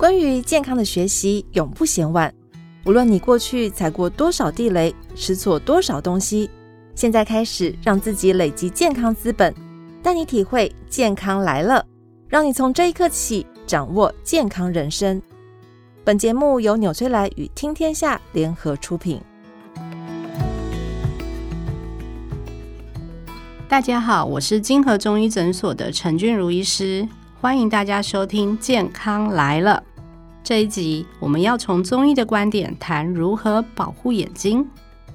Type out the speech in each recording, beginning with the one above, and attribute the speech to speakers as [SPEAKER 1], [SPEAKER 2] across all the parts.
[SPEAKER 1] 關於健康的學習，永不嫌晚。無論你過去踩過多少地雷，吃錯多少東西，現在開始讓自己累積健康資本，帶你體會健康來了，讓你從這一刻起掌握健康人生。本節目由紐崔萊與聽天下聯合出品。大家好，我是京禾中醫診所的陳俊如醫師，歡迎大家收聽《健康來了》。這一集我們要從中醫的觀點談如何保護眼睛。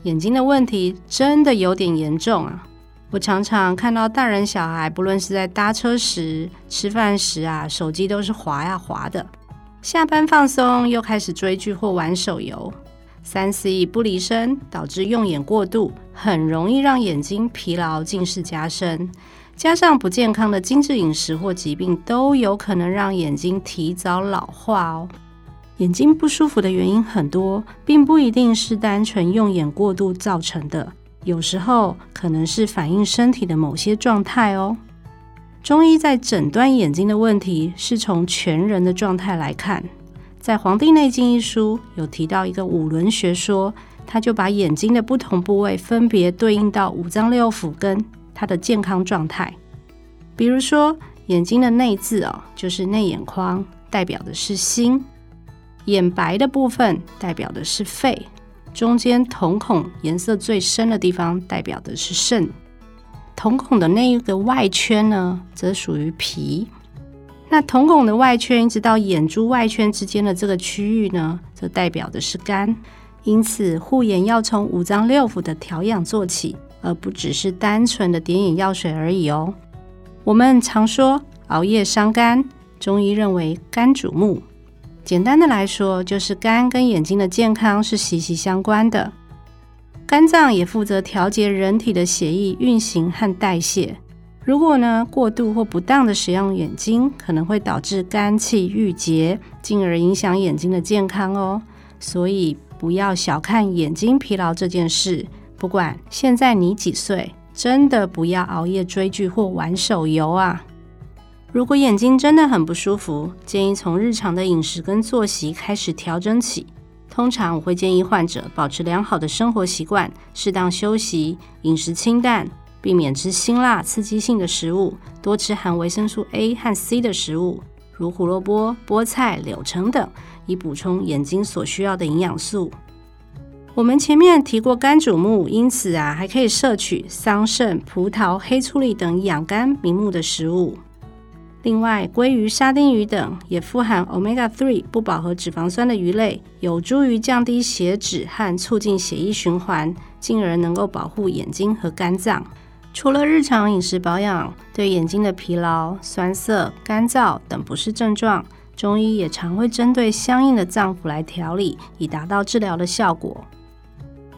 [SPEAKER 1] 眼睛的問題真的有點嚴重啊！我常常看到大人小孩，不論是在搭車時、吃飯時啊，手機都是滑呀滑的。下班放鬆又開始追劇或玩手遊，三 C 不離身，導致用眼過度，很容易讓眼睛疲勞、近視加深。加上不健康的精緻飲食或疾病，都有可能讓眼睛提早老化哦。眼睛不舒服的原因很多，並不一定是單純用眼過度造成的，有時候可能是反映身體的某些狀態哦。中醫在診斷眼睛的問題，是從全人的狀態來看。在《黃帝內經》一書有提到一個五輪學說，他就把眼睛的不同部位分別對應到五臟六腑跟。它的健康狀態，比如說眼睛的內眥哦，就是內眼眶代表的是心；眼白的部分代表的是肺；中間瞳孔顏色最深的地方代表的是腎；瞳孔的那一個外圈呢，則屬於脾；那瞳孔的外圈一直到眼珠外圈之間的這個區域呢，則代表的是肝。因此，護眼要從五臟六腑的調養做起。而不只是單純的點眼藥水而已哦。我們常說熬夜傷肝，中醫認為肝主目。簡單的來說，就是肝跟眼睛的健康是息息相關的。肝臟也負責調節人體的血液運行和代謝。如果呢過度或不當的使用眼睛，可能會導致肝氣鬱結，進而影響眼睛的健康哦。所以不要小看眼睛疲勞這件事。不管現在你幾歲，真的不要熬夜追劇或玩手遊啊！如果眼睛真的很不舒服，建議從日常的飲食跟作息開始調整起。通常我會建議患者保持良好的生活習慣，適當休息，飲食清淡，避免吃辛辣刺激性的食物，多吃含維生素 A 和 C 的食物，如胡蘿蔔、菠菜、柳橙等，以補充眼睛所需要的營養素。我們前面提過肝主目，因此啊，還可以攝取桑葚、葡萄、黑醋栗等養肝明目的食物。另外，鮭魚、沙丁魚等也富含 Omega-3 不飽和脂肪酸的魚類，有助於降低血脂和促進血液循環，進而能夠保護眼睛和肝臟。除了日常飲食保養，對眼睛的疲勞、酸澀、乾燥等不適症狀，中醫也常會針對相應的臟腑來調理，以達到治療的效果。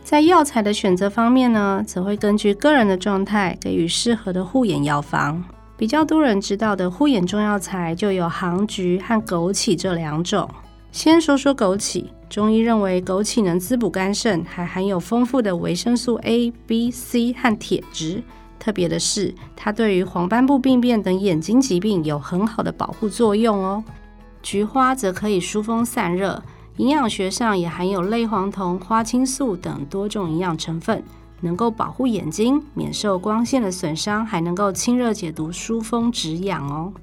[SPEAKER 1] 在藥材的選擇方面呢，則會根據個人的狀態給予適合的護眼藥方。比較多人知道的護眼中藥材就有杭菊和枸杞這兩種。先說說枸杞，中醫認為枸杞能滋補肝腎，還含有豐富的維生素 A、B、C 和鐵質。特別的是，它對於黃斑部病變等眼睛疾病有很好的保護作用哦。菊花則可以疏風散熱。營養學上也含有類黃酮、花青素等多種營養成分，能夠保護眼睛免受光線的損傷，還能夠清熱解毒、疏風止癢哦。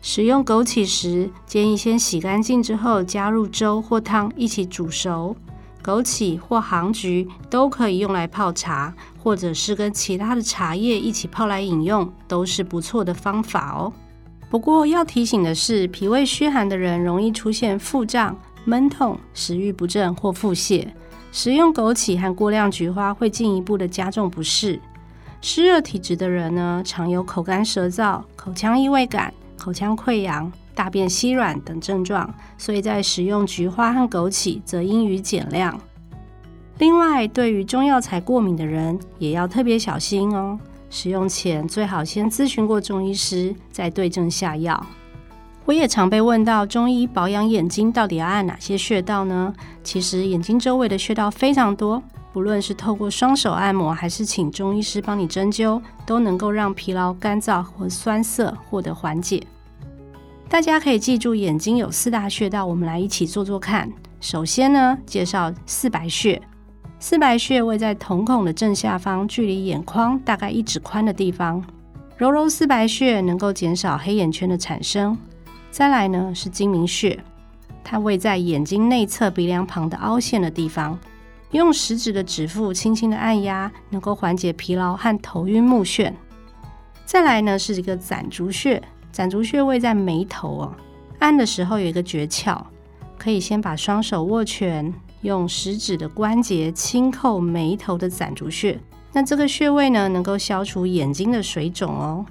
[SPEAKER 1] 使用枸杞時，建議先洗乾淨之後加入粥或湯一起煮熟。枸杞或杭菊都可以用來泡茶，或者是跟其他的茶葉一起泡來飲用，都是不錯的方法哦。不過要提醒的是，脾胃虛寒的人容易出現腹脹。悶痛、Mental, 食慾不振或腹瀉，食用枸杞和過量菊花會進一步的加重不適。濕熱體質的人呢，常有口乾舌燥、口腔異味感、口腔潰瘍、大便稀軟等症狀，所以在食用菊花和枸杞則應予減量。另外，對於中藥材過敏的人，也要特別小心哦。使用前最好先諮詢過中醫師，再對症下藥。我也常被問到，中醫保養眼睛到底要按哪些穴道呢？其實眼睛周圍的穴道非常多，不論是透過雙手按摩，還是請中醫師幫你針灸，都能夠讓疲勞、乾燥和酸澀獲得緩解。大家可以記住，眼睛有四大穴道，我們來一起做做看。首先呢，介紹四白穴。四白穴位在瞳孔的正下方，距離眼眶大概一指寬的地方。揉揉四白穴，能夠減少黑眼圈的產生。再來呢是睛明穴，它位在眼睛內側鼻梁旁的凹陷的地方，用食指的指腹輕輕的按壓，能夠緩解疲勞和頭暈目眩。再來呢是一個攢竹穴，攢竹穴位在眉頭哦，按的時候有一個訣竅，可以先把雙手握拳，用食指的關節輕扣眉頭的攢竹穴，那這個穴位呢能夠消除眼睛的水腫哦。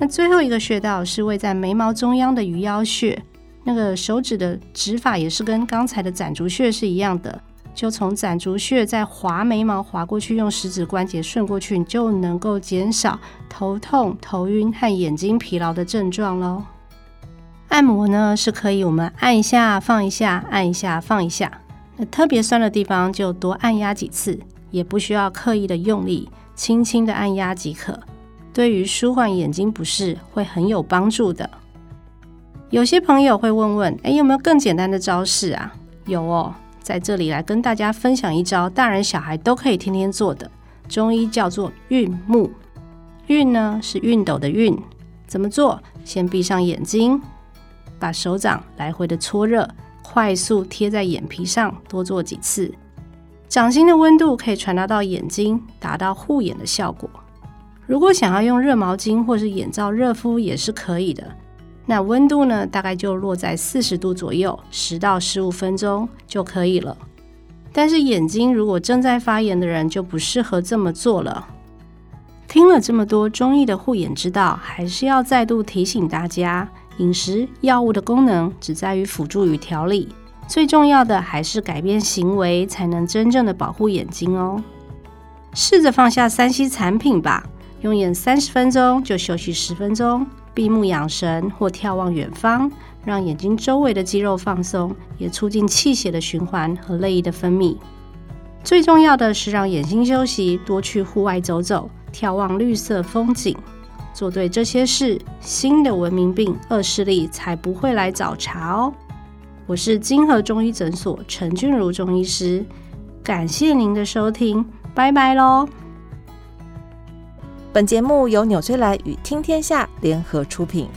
[SPEAKER 1] 那最後一個穴道是位在眉毛中央的魚腰穴，那個手指的指法也是跟剛才的攢竹穴是一樣的，就從攢竹穴再滑眉毛滑過去，用食指關節順過去，你就能夠減少頭痛、頭暈和眼睛疲勞的症狀嘍。按摩呢是可以，我們按一下放一下，按一下放一下，那特別痠的地方就多按壓幾次，也不需要刻意的用力，輕輕的按壓即可，對於舒緩眼睛不適會很有幫助的。有些朋友會問問：“哎，有沒有更簡單的招式啊？”有哦，在這裡來跟大家分享一招，大人小孩都可以天天做的。中醫叫做“熨目”，“熨”呢是熨斗的“熨”。怎麼做？先閉上眼睛，把手掌來回的搓熱，快速貼在眼皮上，多做幾次。掌心的溫度可以傳達到眼睛，達到護眼的效果。如果想要用熱毛巾或是眼罩熱敷也是可以的，那溫度呢，大概就落在四十度左右，十到十五分鐘就可以了。但是眼睛如果正在發炎的人就不適合這麼做了。聽了這麼多中醫的護眼之道，還是要再度提醒大家，飲食、藥物的功能只在於輔助與調理，最重要的還是改變行為，才能真正的保護眼睛哦。試着放下三 C 產品吧。用眼三十分鐘就休息十分鐘，閉目養神或眺望遠方，讓眼睛周圍的肌肉放鬆，也促進氣血的循環和淚液的分泌。最重要的是讓眼睛休息，多去戶外走走，眺望綠色風景，做對這些事，新的文明病惡視力才不會來找茬哦。我是京禾中醫診所陳俊如中醫師，感謝您的收聽，拜拜嘍。本節目由紐崔萊與聽天下聯合出品。